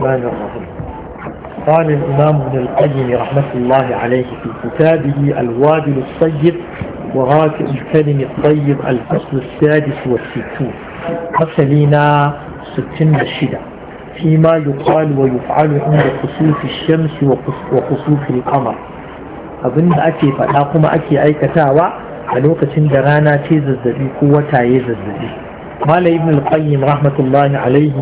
الرحمن الرحيم قال الإمام ابن القيم رحمة الله عليه في كتابه الوابل الطيب وغافئ الكلم الطيب الفصل السادس والستون فصلنا ستين الشدة فيما يقال ويفعل عند خسوف الشمس وخسوف القمر أظن أكي فأقوم أكي أي كتاوى ألوك سندرانا تيز الزبي قوة تيز الزبي قال ابن القيم رحمة الله عليه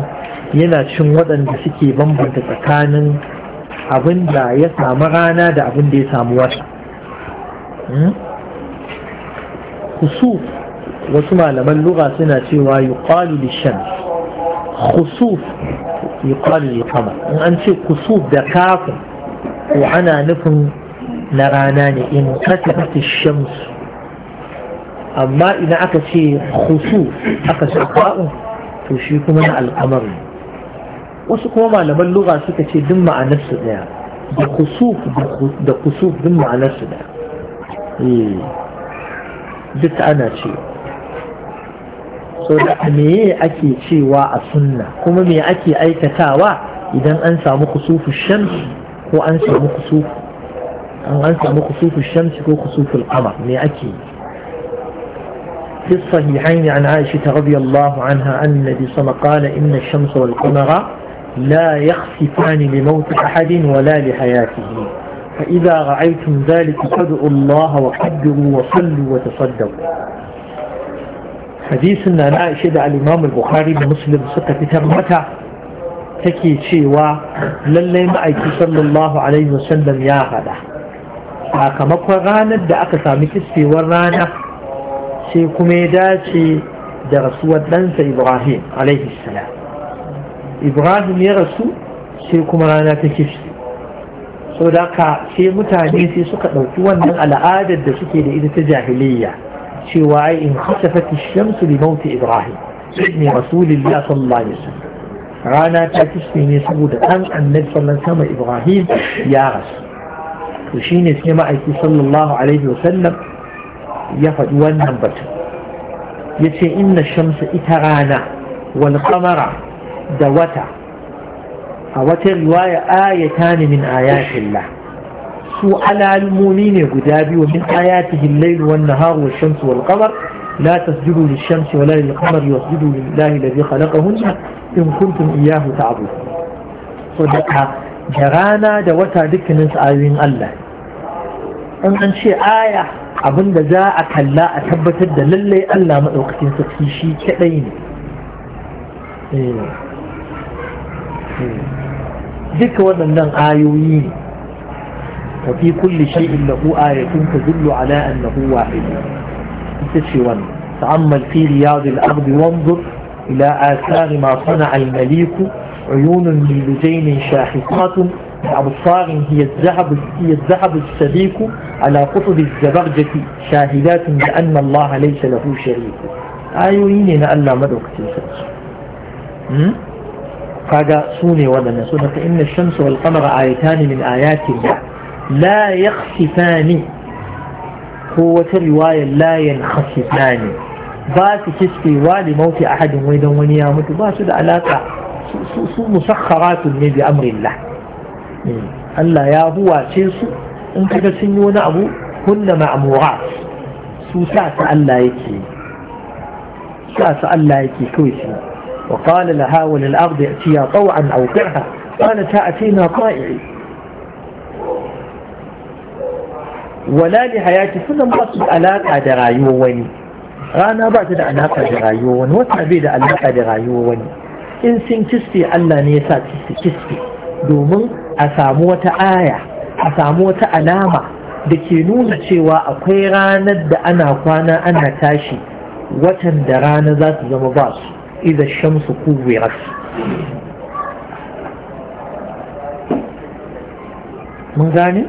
yana cin waɗanda suke bambanta tsakanin abin da ya samu rana da abin da ya samu wata khusuf wasu malaman lura suna cewa yuqalu lishan khusuf yuqalu liqamar in an ce khusuf da kafu ko ana nufin na rana ne in katabat ash-shams amma idan aka ce khusuf aka ce to shi kuma na al'amari wasu kuma malaman lura suka ce duk ma'anar su daya da kusuf da kusuf duk ma'anar su daya duk ana ce so da meye ake cewa a sunna kuma me ake aikatawa idan an samu kusufu shamsi ko an samu kusufu an samu kusufu shamsi ko kusufu al'amar me ake في الصحيحين عن عائشة رضي الله عنها أن النبي صلى الله عليه وسلم قال إن الشمس والقمر لا يخسفان لموت أحد ولا لحياته فإذا رأيتم ذلك فادعوا الله وقدروا وصلوا وتصدقوا حديثنا أنا أشهد على الإمام البخاري ومسلم ستة ترمتة تكي تشيوا للي معيكي صلى الله عليه وسلم يا غدا sakamakon مكوى da aka sami kiskewar rana sai kuma ya dace da rasuwar ɗansa ibrahim ibrahim ya rasu sai kuma rana ta kishi sau da ka sai mutane sai suka ɗauki wannan al'adar da suke da ita ta jahiliya cewa ai in khasafat ash-shamsu li mawt ibrahim ibn rasulillah sallallahu alaihi wasallam rana ta kishi ne saboda dan annabi sallallahu alaihi wasallam ibrahim ya rasu to shine sai ma'aiki sallallahu alaihi wasallam ya faɗi wannan batun yace inna shamsa ita rana wal qamara da wata a wata riwaya ayata ne min ayatillah su alalmomi ne guda biyu min ayatihi al-layl wan nahar wash shams wal qamar la tasjudu lish-shams wa la lil-qamar wasjudu lillahi alladhi hunna, in kuntum iyyahu ta'budun sadaka da rana da wata dukkanin su ayoyin Allah in an ce aya abinda za a kalla a tabbatar da lallai Allah madaukakin sarki shi kadai ne eh. ذكر waɗannan ayoyi ne وفي كل شيء له آية تدل على أنه واحد تشوان تعمل في رياض الأرض وانظر إلى آثار ما صنع المليك عيون من لجين شاحصات أبصار هي الذهب هي الذهب السبيك على قطب الزبرجة شاهدات بأن الله ليس له شريك آيوين أن لا مدرك تنسى kaga su ne waɗannan su daga inna shamsu wal qamara ayatani min ayatin la yakhsifani ko wata riwaya la yankhasifani ba su wa li mauti ahadin wai dan wani ya mutu ba su da alaka su musakharatun ne bi amrillah hmm. Allah ya huwace su in kaga sun yi wani abu kunna ma'murat su sa ta Allah yake sa ta Allah yake kawai وقال لها وللأرض ائتيا طوعا أو كرها قالت تأتينا طائعي ولا لحياتي سنة مصد ألاقى درايو وني رانا بعد دا ألاقى درايو وني وتعبي دا ألاقى درايو وني إن سن كسفي ألا نيسا كسفي كسفي دومن أساموة آية أساموة ألامة da ke nuna cewa akwai ranar da ana kwana ana tashi watan da rana za su zama ba su إذا الشمس كورت من ذلك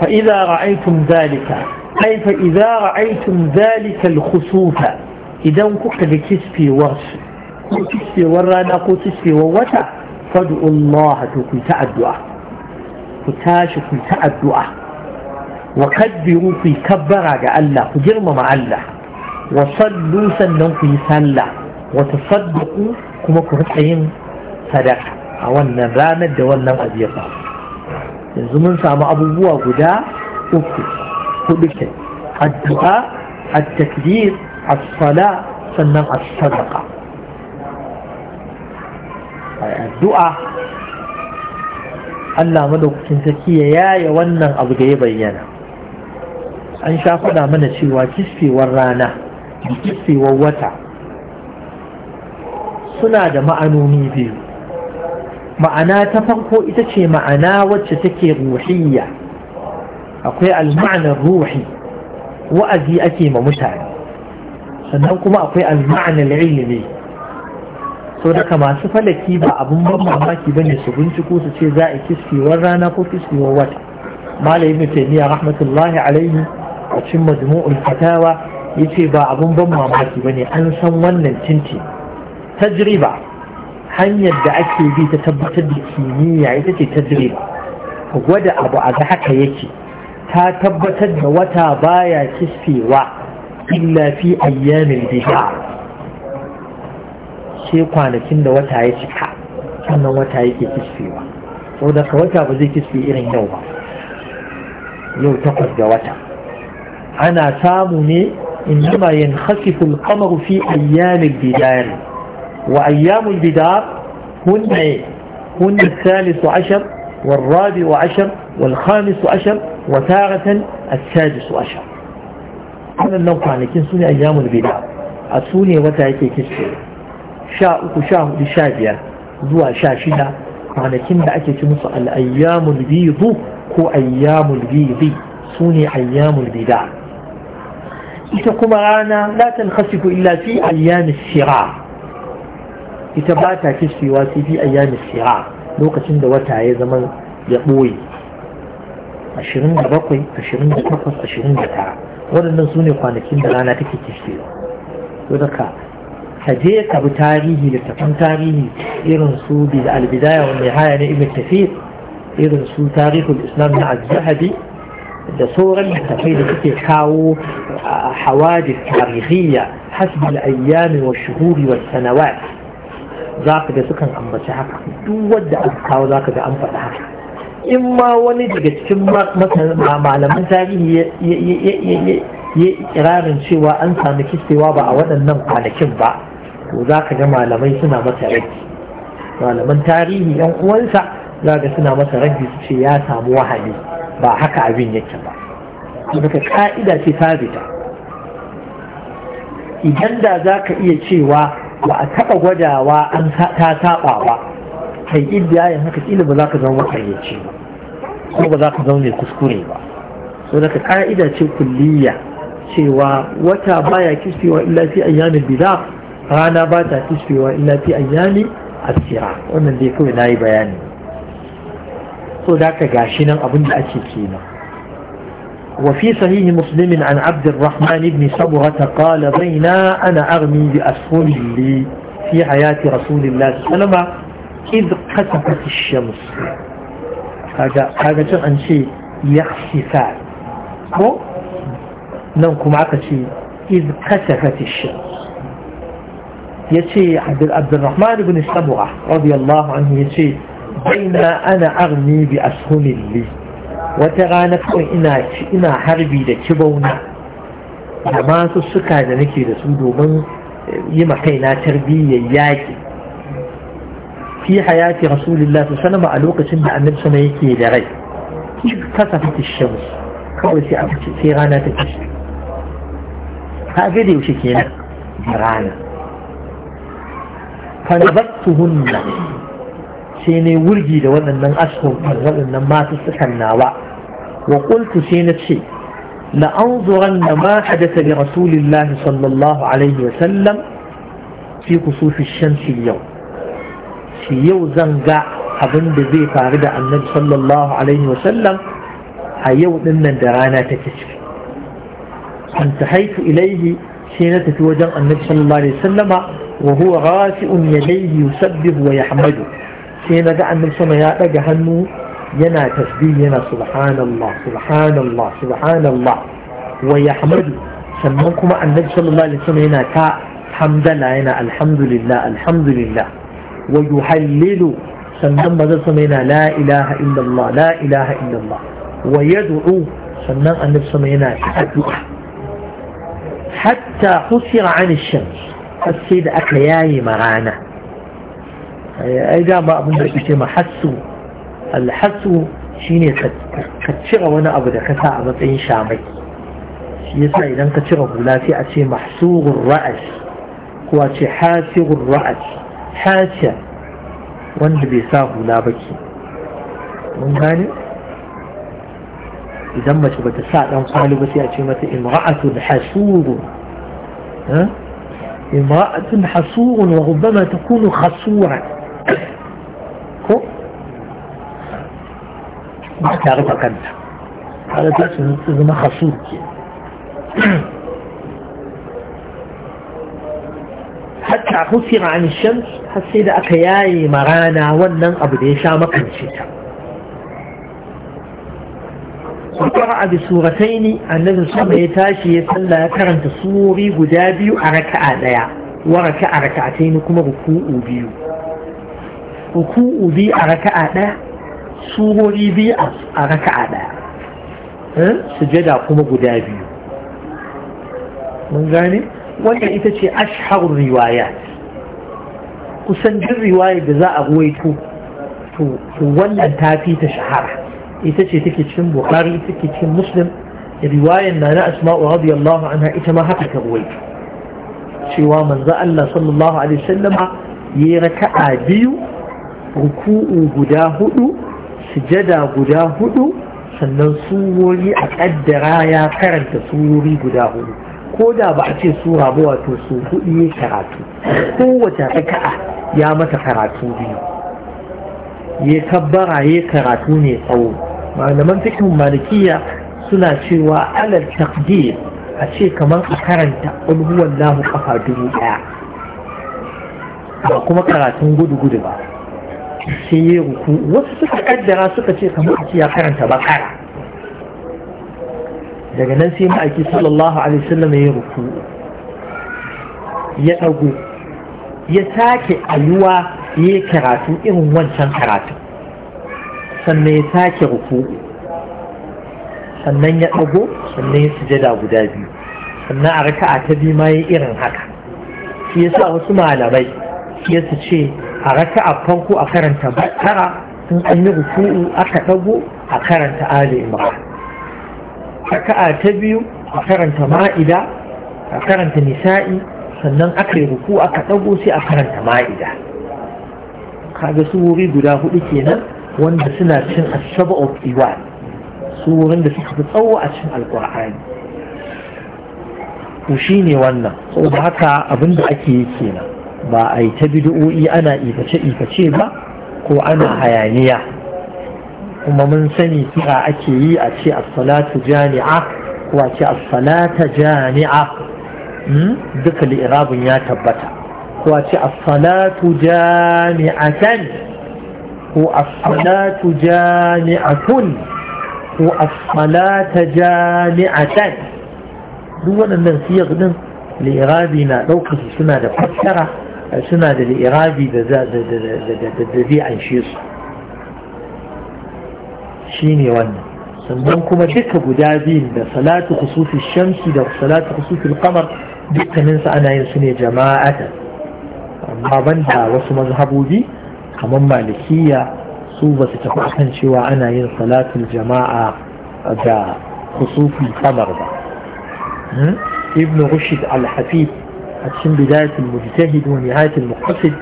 فإذا رأيتم ذلك أي فإذا رأيتم ذلك الخسوف إذا كنت بكسفي ورس كسفي ورانا كسفي ووتا فادعوا الله كي تعدعا كتاش تعدعا وكبروا في كبرا الله كجرم مع الله وصلوا سنه في سلّى wata saddaku kuma ku rika yin sadaka a wannan ranar da wannan abu yanzu mun samu abubuwa guda uku hudu ke addu'a at-takbir as-sala sannan as-sadaqa addu'a Allah madaukakin sarki ya yaya wannan abu da ya bayyana an sha faɗa mana cewa kisfewar rana da kisfewar wata suna da ma'anoni biyu ma'ana ta farko ita ce ma'ana wacce take ruhiyya akwai alma'anar ruhi wa'azi ake ma mutane sannan kuma akwai alma'anar ilimi so daga masu falaki ba abun ban mamaki bane su binciko su ce za a kiskewar rana ko kiskewar wata malai ibn taymiya rahmatullahi alaihi a cikin majmu'ul fatawa yace ba abun ban mamaki bane an san wannan tintin. tajriba hanyar da ake bi ta tabbatar da kimiyya ita ce tajriba gwada abu a ga haka yake ta tabbatar da wata baya kisfewa illa fi ayyamin bida sai kwanakin da wata ya cika sannan wata yake kisfewa sau da wata ba zai kisfe irin yau ba yau takwas da wata ana samu ne إنما ينخسف القمر fi ayyamin البداية وأيام البدار هن إيه؟ هن الثالث عشر والرابع عشر والخامس عشر وثاغة السادس عشر هذا النوع كان لكن سوني أيام البدار أسوني وتعيكي كسر شاءك شاه لشادية ذو شاشدة كان لكن بأكي تمسى الأيام البيض هو أيام البيض سوني أيام البدار إذا كما لا تنخسف إلا في أيام الصغار ita ba ta kishewa su fi ayyamin siya lokacin da wata ya zama ya ɓoye 27 28 29 waɗannan su ne kwanakin da rana take kishewa to daga ka je ka bi tarihi da tafin tarihi irin su bi da albidaya wanda ya haya na ibn tafir irin su tarihul islam na azzahabi da sauran tafai da suke kawo hawadis tarihiyya hasbi al-ayyam wa shuhuri wa sanawat za ka ga sukan ambaci haka duk wadda aka kawo za ka ga an faɗi haka in ma wani daga cikin malaman tarihi ya kirarin cewa an sami kistewa ba a waɗannan kwanakin ba to za ka ga malamai suna masa rage malaman tarihi yan uwansa za ga suna masa rage su ce ya samu wahali ba haka abin yake ba daga ka'ida ce sabita idan da za ka iya cewa ba a taɓa gwadawa an ta saɓa ba kai iddiyayin haka kila ba za ka zama makayyaci ba ko ba za ka zama mai kuskure ba so daga ka'ida ce kulliya cewa wata baya kispewa illa fi ayyamin bida rana ba ta kispewa illa fi ayyamin asira wannan dai kawai na yi bayani so da ka gashi nan abin da ake kenan وفي صحيح مسلم عن عبد الرحمن بن صبغة قال بينا أنا أغني بأسهل لي في حياة رسول الله صلى الله عليه وسلم إذ خسفت الشمس هذا شو عن شيء يخسفان هو ننكم عقا شيء إذ خسفت الشمس يشي عبد الرحمن بن صبغة رضي الله عنه يشي بين أنا أغني بأسفل لي wata ranar ina ina harbi da kibauna da masu suka da nake da su domin eh, yi ma kaina tarbiyyar yaƙi fi hayati rasulullah su sanama a lokacin da annabi sama yake da rai kasa fiti shams kawai sai a sai rana ta ci Ta ga da yaushe kenan rana fa nabattuhunna sai ne wurgi da waɗannan ashur waɗannan masu sukan nawa وقلت في نفسي لأنظرن ما حدث لرسول الله صلى الله عليه وسلم في كسوف الشمس اليوم في يوزن قاع أبن بذي فارد النبي صلى الله عليه وسلم أيو من من درانا تكشف انتحيت إليه سينة توجن النبي صلى الله عليه وسلم وهو غافئ يديه يسبب ويحمد سينة النبي صلى الله عليه وسلم ينا تسبيه ينا سبحان الله سبحان الله سبحان الله ويحمد سمعكم النبي صلى الله عليه وسلم ينا حمد لا ينا الحمد لله الحمد لله ويحلل سمعنا ماذا سمينا لا إله إلا الله لا إله إلا الله ويدعو سنن النبي سمينا حتى خسر عن الشمس السيد أكياي مرانا أي ما أبو بكر حسوا alhasu shine ka cire wani abu da ka sa a matsayin shamai shi yasa idan ka cire hula sai a ce mahsurur ra'as ko a ce hasirur ra'as hasir wanda bai sa hula ba ke mun gane idan mace bata sa dan kwali ba sai a ce mata imra'atun hasurun imra'atun hasurun wa rubbama takunu khasura ba ta rufe kanta kada ta su zama hasu ke hatta husira an shams har sai da aka yaye marana wannan abu da ya sha makance ta وقرأ بسورتين النبي صلى الله عليه وسلم يتلى كرنت سوري قدابي أركع ليا وركع ركعتين كما ركوء بيو ركوء بي أركع ليا surori biyu a raka'a ɗaya eh? sujada kuma guda biyu mun gane wannan ita ce ashharun riwaya kusan jin riwaya da za a ruwaito to wannan ta fi ta shahara ita ce take cikin bukari take cikin muslim riwayan na na asma'u radiyallahu anha ita ma haka ta ruwaito cewa manzo Allah sallallahu alaihi wasallam yayi raka'a biyu ruku'u guda hudu sujada guda hudu sannan surori a kaddara ya karanta surori guda hudu ko da ba a ce sura ba wato su hudu ya karatu kowace raka'a ya mata karatu biyu ya kabbara ya karatu ne tsawo malaman fikin malikiya suna cewa alal takdir a ce kamar a karanta ulhuwan lahu kafa dubu daya ba kuma karatun gudu gudu ba sai ya ruku wasu suka kaddara suka ce kamar a ya karanta bakara daga nan sai ma'aiki sallallahu alaihi sallam ya ruku ya dago ya sake ayuwa ya yi karatu irin wancan karatu sannan ya sake ruku sannan ya dago sannan ya sujada guda biyu sannan a raka'a ta bi ma ya irin haka shi yasa wasu malamai ya su ce a raka a farko a karanta bakara in an yi ruku'u aka dago a karanta ali imran raka'a ta biyu a karanta ma'ida a karanta nisa'i sannan aka yi ruku aka dago sai a karanta ma'ida kaga wuri guda hudu kenan wanda suna cin asaba of iwan suwurin da suka fi tsawo a cin alkur'ani shi ne wannan saboda haka abinda ake yi kenan ba a yi ta bid'o'i ana iface-iface ba ko ana hayaniya kuma mun sani kira ake yi a ce as-salatu jami'a ko a ce as-salata jami'a hmm? duka li'irabun ya tabbata ko a ce as-salatu jami'atan ko as-salatu jami'atun ko as-salata jami'atan duk waɗannan siyar din li'irabi na ɗaukar suna da fassara سما الإرادي بذيع شيص شيني وانا سنبونكم دك بدابين بصلاة خصوص الشمس بصلاة خصوص القمر دك منس أنا ينسني جماعة ما بندها وسو مذهبو دي كمان مالكية صوبة تتفحن شوى أنا ينصلاة الجماعة بخصوص القمر ابن رشد الحفيد a cikin bidayatul mujtahid wa nihayatul muqtasid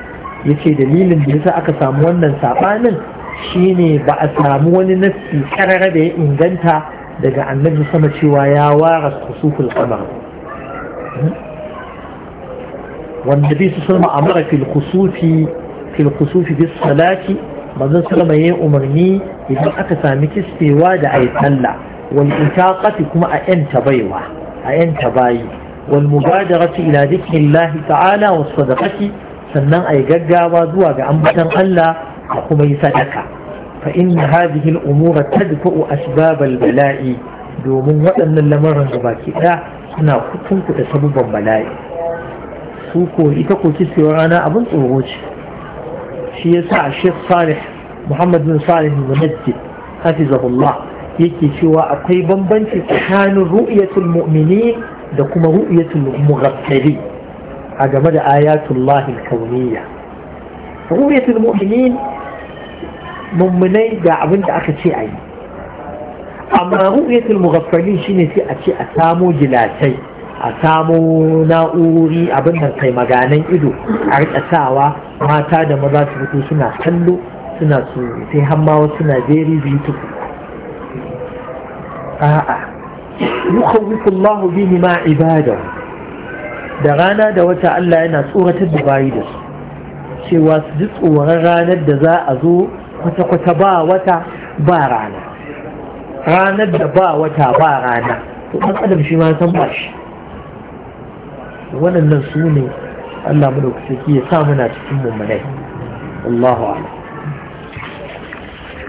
yace dalilin da yasa aka samu wannan sabanin shine ba a samu wani nassi karara da ya inganta daga annabi sama cewa ya wara kusuful qamar wanda bi su sama amara fil khusufi fil khusufi bis salati manzon yayin umarni idan aka sami kispewa da ayi sallah wal itaqati kuma a yanta baiwa a yanta bayi والمبادرة إلى ذكر الله تعالى والصدقة سنن أي قجاوة زواج أنبتا ألا أخمي صدقة فإن هذه الأمور تدفع أسباب البلاء دومن وأن اللمرن رباكي لا أنا كنت تسبب بلاء سوكو إتكو تسير أنا أبن أروج شيء ساعة الشيخ صالح محمد بن صالح المنجد حفظه الله yake cewa akwai bambanci tsakanin ru'yatul mu'minin da kuma ru'yatul mughaffali a game da ayatul lahil kauniyya ru'yatul mu'minin mummunai da abin da aka ce a yi amma ru'yatul mughaffali shine sai a ce a samo gilatai a samo na'urori abin da kai maganan ido a rika sawa mata da maza su fito suna kallo suna su sai hammawa suna very beautiful a'a يخوف الله بهما عباده da rana da wata Allah yana tsoratar da bayi da su cewa su ji tsoron ranar da za a zo kwata-kwata ba wata ba rana ranar da ba wata ba rana to ɗan adam shi ma san bashi. shi su ne Allah mu da ya sa muna cikin mummunai Allahu